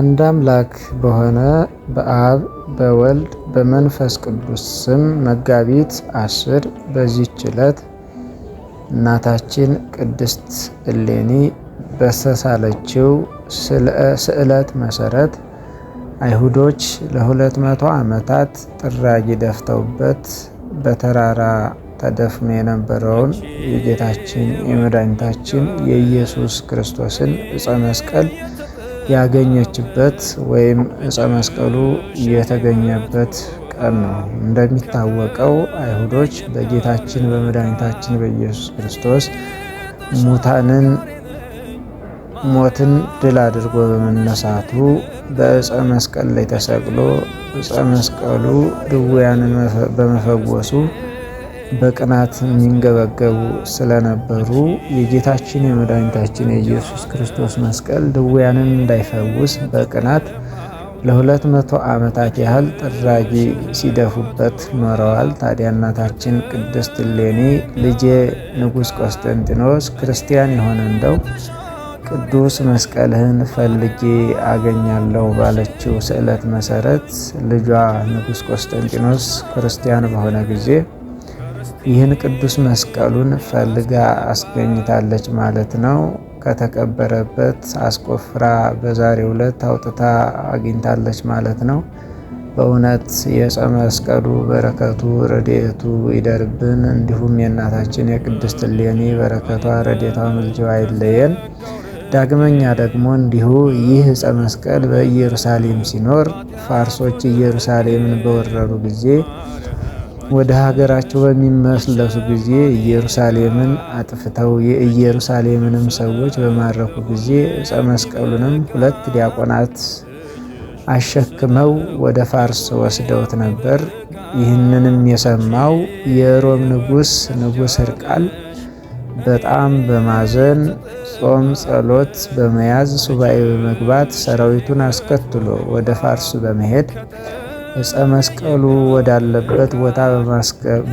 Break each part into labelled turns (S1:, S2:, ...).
S1: አንድ አምላክ በሆነ በአብ በወልድ በመንፈስ ቅዱስ ስም መጋቢት አስር በዚች ዕለት እናታችን ቅድስት እሌኒ በሰሳለችው ስዕለት መሰረት አይሁዶች ለሁለት መቶ ዓመታት ጥራጊ ደፍተውበት በተራራ ተደፍኖ የነበረውን የጌታችን የመድኃኒታችን የኢየሱስ ክርስቶስን እጸ መስቀል ያገኘችበት ወይም ዕፀ መስቀሉ የተገኘበት ቀን ነው። እንደሚታወቀው አይሁዶች በጌታችን በመድኃኒታችን በኢየሱስ ክርስቶስ ሙታንን ሞትን ድል አድርጎ በመነሳቱ በዕፀ መስቀል ላይ ተሰቅሎ ዕፀ መስቀሉ ድውያንን በመፈወሱ በቅናት የሚንገበገቡ ስለነበሩ የጌታችን የመድኃኒታችን የኢየሱስ ክርስቶስ መስቀል ድውያንን እንዳይፈውስ በቅናት ለሁለት መቶ ዓመታት ያህል ጥራጊ ሲደፉበት ኖረዋል። ታዲያ እናታችን ቅድስት እሌኒ ልጄ ንጉሥ ቆስጠንጢኖስ ክርስቲያን የሆነ እንደው ቅዱስ መስቀልህን ፈልጌ አገኛለሁ ባለችው ስዕለት መሰረት ልጇ ንጉሥ ቆስጠንጢኖስ ክርስቲያን በሆነ ጊዜ ይህን ቅዱስ መስቀሉን ፈልጋ አስገኝታለች ማለት ነው። ከተቀበረበት አስቆፍራ በዛሬ ዕለት አውጥታ አግኝታለች ማለት ነው። በእውነት የዕፀ መስቀሉ በረከቱ ረድኤቱ ይደርብን። እንዲሁም የእናታችን የቅድስት እሌኒ በረከቷ ረድኤቷ ምልጃዋ አይለየን። ዳግመኛ ደግሞ እንዲሁ ይህ ዕፀ መስቀል በኢየሩሳሌም ሲኖር ፋርሶች ኢየሩሳሌምን በወረሩ ጊዜ ወደ ሀገራቸው በሚመለሱ ጊዜ ኢየሩሳሌምን አጥፍተው የኢየሩሳሌምንም ሰዎች በማረኩ ጊዜ ዕፀ መስቀሉንም ሁለት ዲያቆናት አሸክመው ወደ ፋርስ ወስደውት ነበር። ይህንንም የሰማው የሮም ንጉስ ንጉስ ሕርቃል በጣም በማዘን ጾም ጸሎት በመያዝ ሱባኤ በመግባት ሰራዊቱን አስከትሎ ወደ ፋርስ በመሄድ እፀ መስቀሉ ወዳለበት ቦታ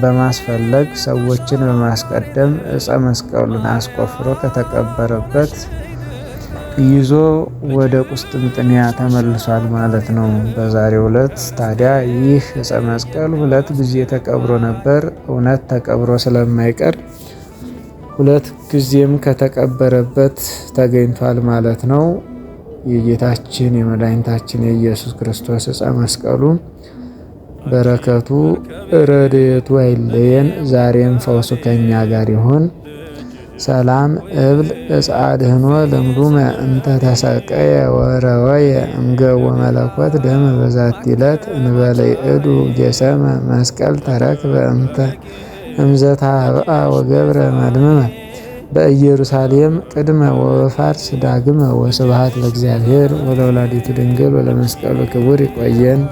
S1: በማስፈለግ ሰዎችን በማስቀደም እፀ መስቀሉን አስቆፍሮ ከተቀበረበት ይዞ ወደ ቁስጥንጥንያ ተመልሷል ማለት ነው። በዛሬው ዕለት ታዲያ ይህ እፀ መስቀል ሁለት ጊዜ ተቀብሮ ነበር። እውነት ተቀብሮ ስለማይቀር ሁለት ጊዜም ከተቀበረበት ተገኝቷል ማለት ነው። የጌታችን የመድኃኒታችን የኢየሱስ ክርስቶስ ዕፀ መስቀሉ በረከቱ ረድኤቱ አይለየን። ዛሬም ፈውሱ ከኛ ጋር ይሁን። ሰላም እብል ዕፀ አድህኖ ልምዱመ እንተ ተሰቀየ ወረወየ እምገቦ መለኮት ደም በዛቲ ዕለት እንበለ ይእዱ ጌሰመ መስቀል ተረክበ እምዘታ ታበአ ወገብረ መድምመት በኢየሩሳሌም ቅድመ ወፋርስ ዳግመ ወስብሐት ለእግዚአብሔር ወለወላዲቱ ድንግል ወለመስቀሉ ክቡር ይቆየን።